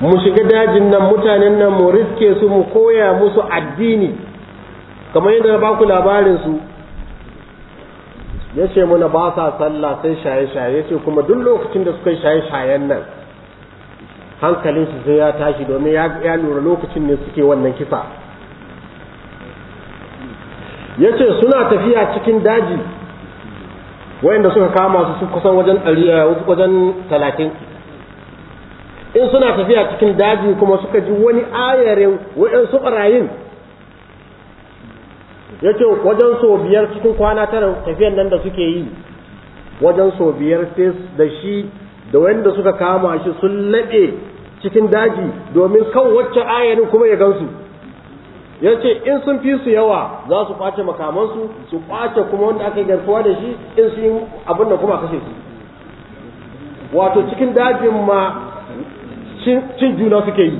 mu shiga dajin nan mutanen nan mu riske su mu koya musu addini kamar yadda na baku labarin su ya ce muna ba sa sallah sai shaye-shaye ya ce kuma duk lokacin da suka yi shaye-shayen nan hankalin su sai ya tashi domin ya lura lokacin ne suke wannan kisa ya ce suna tafiya cikin daji wayanda suka kama su kusan wajen eh, talatin in suna tafiya cikin daji kuma suka ji wani ayarin waɗansu ɓarayin ya ce wajen so biyar cikin kwana tara tafiyan nan da suke yi wajen so biyar sai da shi da wanda suka kama shi sun laɓe cikin daji domin kan wacce ayarin kuma ya gansu ya ce in sun fi su yawa za su kwace makamansu su kwace kuma wanda aka yi garkuwa da shi in sun yi abin da kuma kashe su wato cikin dajin ma cin juna suke yi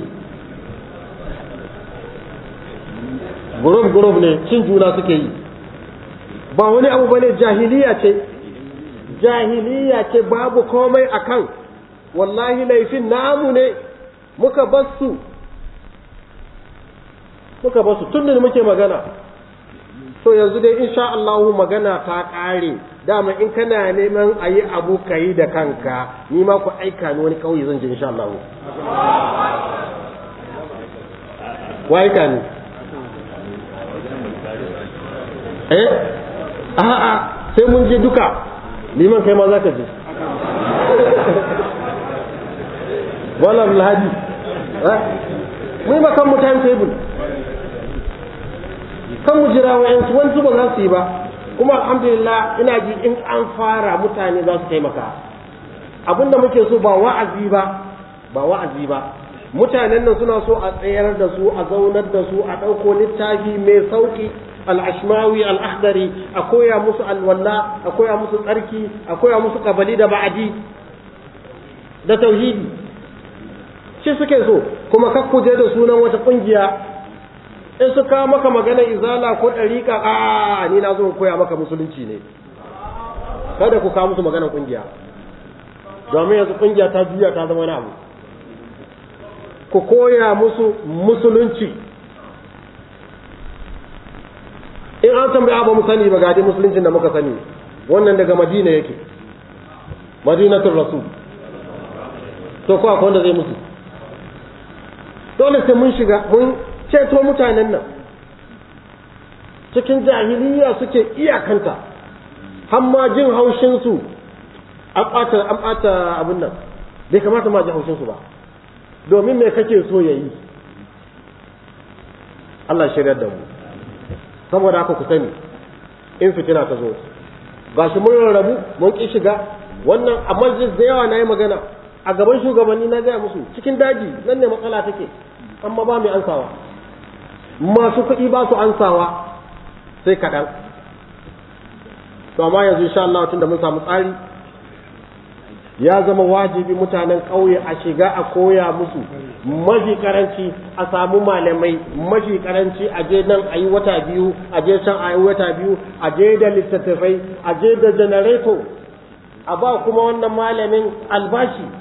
gurub gurub ne cin juna suke yi ba wani abu bane jahiliya ce jahiliya ce babu komai a kan wallahi laifin namu ne muka basu muka basu tun da muke magana So, yanzu dai insha Allah magana ta ƙare dama in kana neman a yi abu ka yi da kanka ni ma ku aika ni wani kauye zan je insha Allah ku aika ni eh a'a sai mun je duka liman kai ma za ka je wallan alhaji eh? mu yi ma kan mu table. kan mu jira wa'yansu wani zuba za su yi ba kuma alhamdulillah ina ji in an fara mutane za su taimaka abinda muke so ba wa'azi ba ba wa'azi ba mutanen nan suna so a tsayar da su a zaunar da su a ɗauko littafi mai sauƙi al'ashmawi al'ahdari a koya musu alwalla a koya musu tsarki a koya musu kabali da ba'adi da tauhidi shi suke so kuma kakkuje da sunan wata ƙungiya in su kawo maka magana izala ko ɗariƙa a ni na zo koya maka musulunci ne kada ku kawo musu maganar ƙungiya domin yanzu ƙungiya ta juya ta zama wani abu ku koya musu musulunci in an san ba mu sani ba gaji musuluncin da muka sani wannan daga madina yake madinatul rasul to ko akwai wanda zai musu dole sai mun shiga mun ceto mutanen nan cikin jahiliya suke iyakanta hamma jin haushinsu a ɓata an ɓata abin nan bai kamata ma ji haushinsu ba domin me kake so ya yi Allah shirya da mu saboda haka ku sani in fitina ta zo shi mun rabu mun ki shiga wannan a majalis da yawa na yi magana a gaban shugabanni na gaya musu cikin daji nan ne matsala take amma ba mai ansawa masu kuɗi ba su ansawa sai kaɗan to amma yanzu insha Allah tunda mun samu tsari ya zama wajibi mutanen ƙauye a shiga a koya musu mafi karanci a samu malamai mafi karanci a je nan a yi wata biyu a je can a yi wata biyu a je da littattafai a je da janareto a ba kuma wannan malamin albashi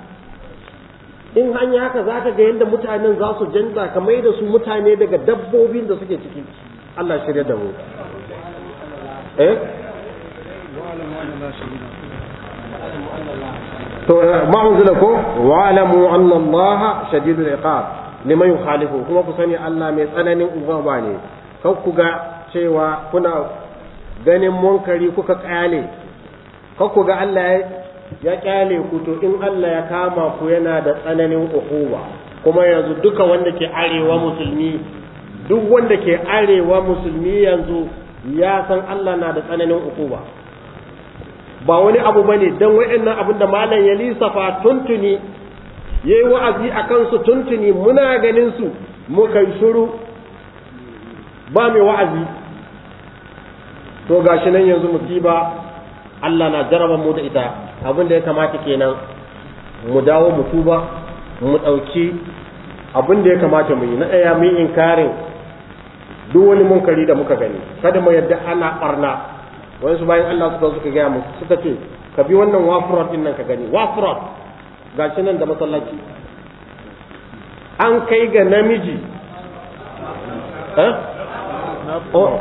in hanya haka za ka ga yadda mutanen za su janza ka mai da su mutane daga dabbobin da suke ciki Allah shirya da mu eh? to eh, ma'un unzila ko wa Allah shadidul iqab liman yukhalifu kuma ku sani Allah mai tsananin uba ne kan ku ga cewa kuna ganin munkari kuka kayale kan ku ga Allah ya kyale ku to in Allah ya kama ku yana da tsananin ukuwa. kuma yanzu duka wanda ke arewa musulmi duk wanda ke arewa musulmi yanzu ya san Allah na da tsananin ukuwa. ba wani abu bane dan wa'annan abin da malam ya lissafa tuntuni yayi wa'azi a kansu tuntuni muna ganin su muka yi shiru ba mai wa'azi to gashi nan yanzu mu musiba Allah na jaraba mu da ita abin da ya kamata kenan mu dawo mu tuba mu ɗauki abin da ya kamata mu yi na ɗaya mu yi inkarin duk wani munkari da muka gani kada mu yadda ana ɓarna su bayan Allah suka suka gaya mu suka ce ka bi wannan wafurot din nan ka gani ga shi nan da masallaci an kai ga namiji eh? oh,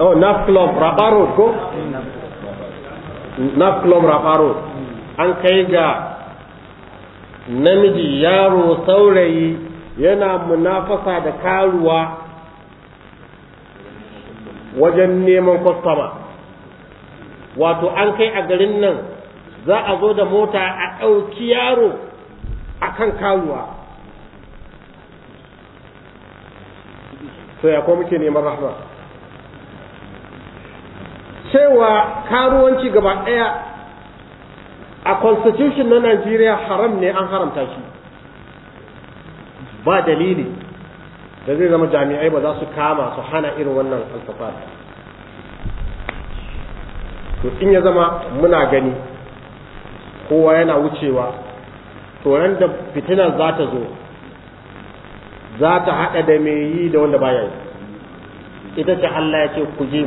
oh, naf club ko naf club an kai ga namiji yaro saurayi yana munafasa da karuwa wajen neman kwastama wato an kai a garin nan za a zo da mota a ɗauki yaro a kan karuwa to ya muke neman rahama cewa karuwanci gaba ɗaya a constitution na Najeriya haram ne an haramta shi ba dalili da zai zama jami'ai ba za su kama su hana irin wannan alfafa to in ya zama muna gani kowa yana wucewa to nan da fitinar za ta zo za ta haɗa da mai yi da wanda baya yi ita ce Allah ya ce ku je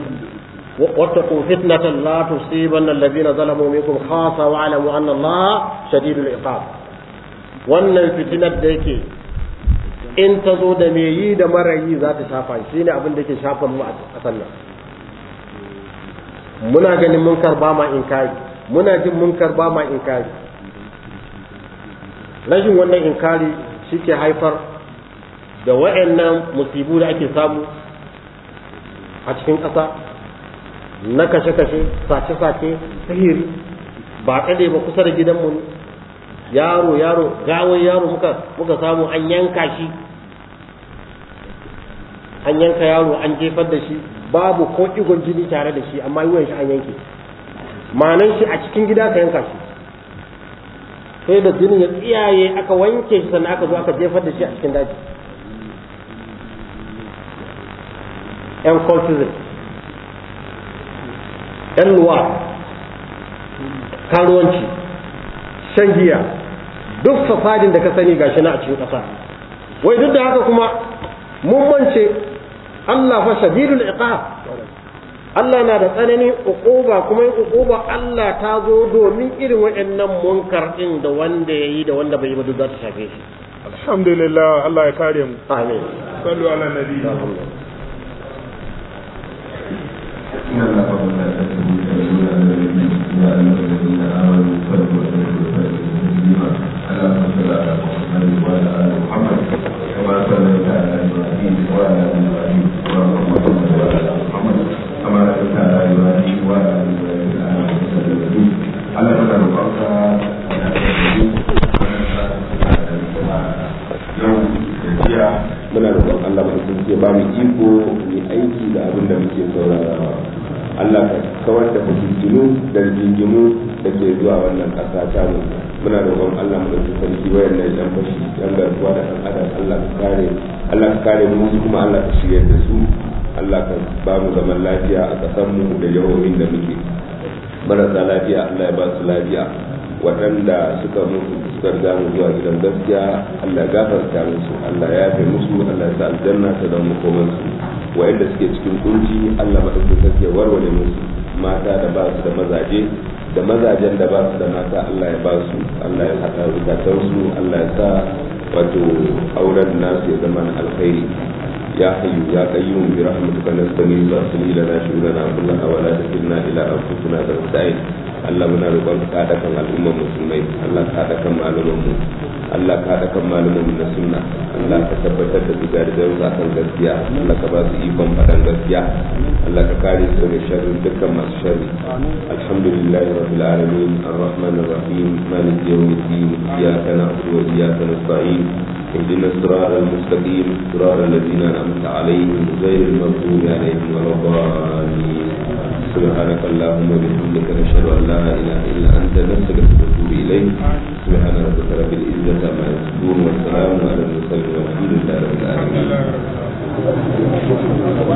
واتقوا فتنة لا تصيبن الذين ظلموا منكم خاصة واعلموا wannan fitinar da yake in ta zo da me yi da mara yi za ta shafa shi ne abin da ke shafa mu a ƙasar nan muna ganin munkar ba ma inkari muna jin munkar ba ma inkari rashin wannan inkari shi ke haifar da wa'annan musibu da ake samu a cikin ƙasa na kashe-kashe face-face sihiri ba kade ba kusa da gidanmu ne yaro yaro gawon yaro muka muka samu an yanka shi an yanka yaro an jefar da shi babu ko igon jini tare da shi amma yiwuwan shi an yanke manan shi a cikin gida ka yanka shi sai da jinin ya tsiyaye aka wanke shi sannan aka zo aka jefar da shi a cikin daji yan cultism yan luwa karuwanci shan giya duk fasadin da ka sani shi na a cikin ƙasa wai duk da haka kuma mun Allah fa shadidul iqab Allah na da tsananin uquba kuma in uquba Allah ta zo domin irin waɗannan munkar din da wanda yayi da wanda bai yi ba duk za ta shafe shi alhamdulillah Allah ya kare mu amin sallu ala nabi وعلى zuwa wannan ƙasa ta mu muna roƙon Allah mu da sarki wayannan yan fashi yan garkuwa da ɗan Allah ka kare Allah ka kare mu kuma Allah ka shirya da su Allah ka ba mu zaman lafiya a ƙasar mu da jihohin da muke marasa lafiya Allah ya ba su lafiya waɗanda suka mutu suka riga mu zuwa gidan gaskiya Allah ya gafarta musu Allah ya yafe musu Allah ya sa aljanna ta zama makoman su waɗanda suke cikin kunci Allah madaukakin sarki ya warware musu mata da ba su da mazaje da mazajen da ba su da mata Allah ya ba su Allah ya haɗa zukatar su Allah ya sa wato auren nasu ya zama na alkhairi ya hayu ya kayyum bi rahmatika nastani ba su ila na shi ulana kullum a wala da kinna ila a kusa na zarta'in Allah muna roƙon ka musulmai Allah ka haɗa kan malumanmu Allah ka haɗa kan malamin na sunna Allah ka tabbatar da su gari da kan gaskiya Allah ka ba su ikon faɗan gaskiya Allah ka kare su daga sharrin dukkan masu sharri alhamdulillahi rabbil alamin arrahmanir rahim maliki yawmiddin iyyaka na'budu wa iyyaka nasta'in اهدنا الصراط المستقيم صراط الذين انعمت عليهم غير المغضوب عليهم ولا الضالين سبحانك اللهم وبحمدك نشهد ان لا اله الا انت نستغفرك ونتوب اليك سبحان ربك رب العزه عما يصفون والسلام على المرسلين والحمد لله رب العالمين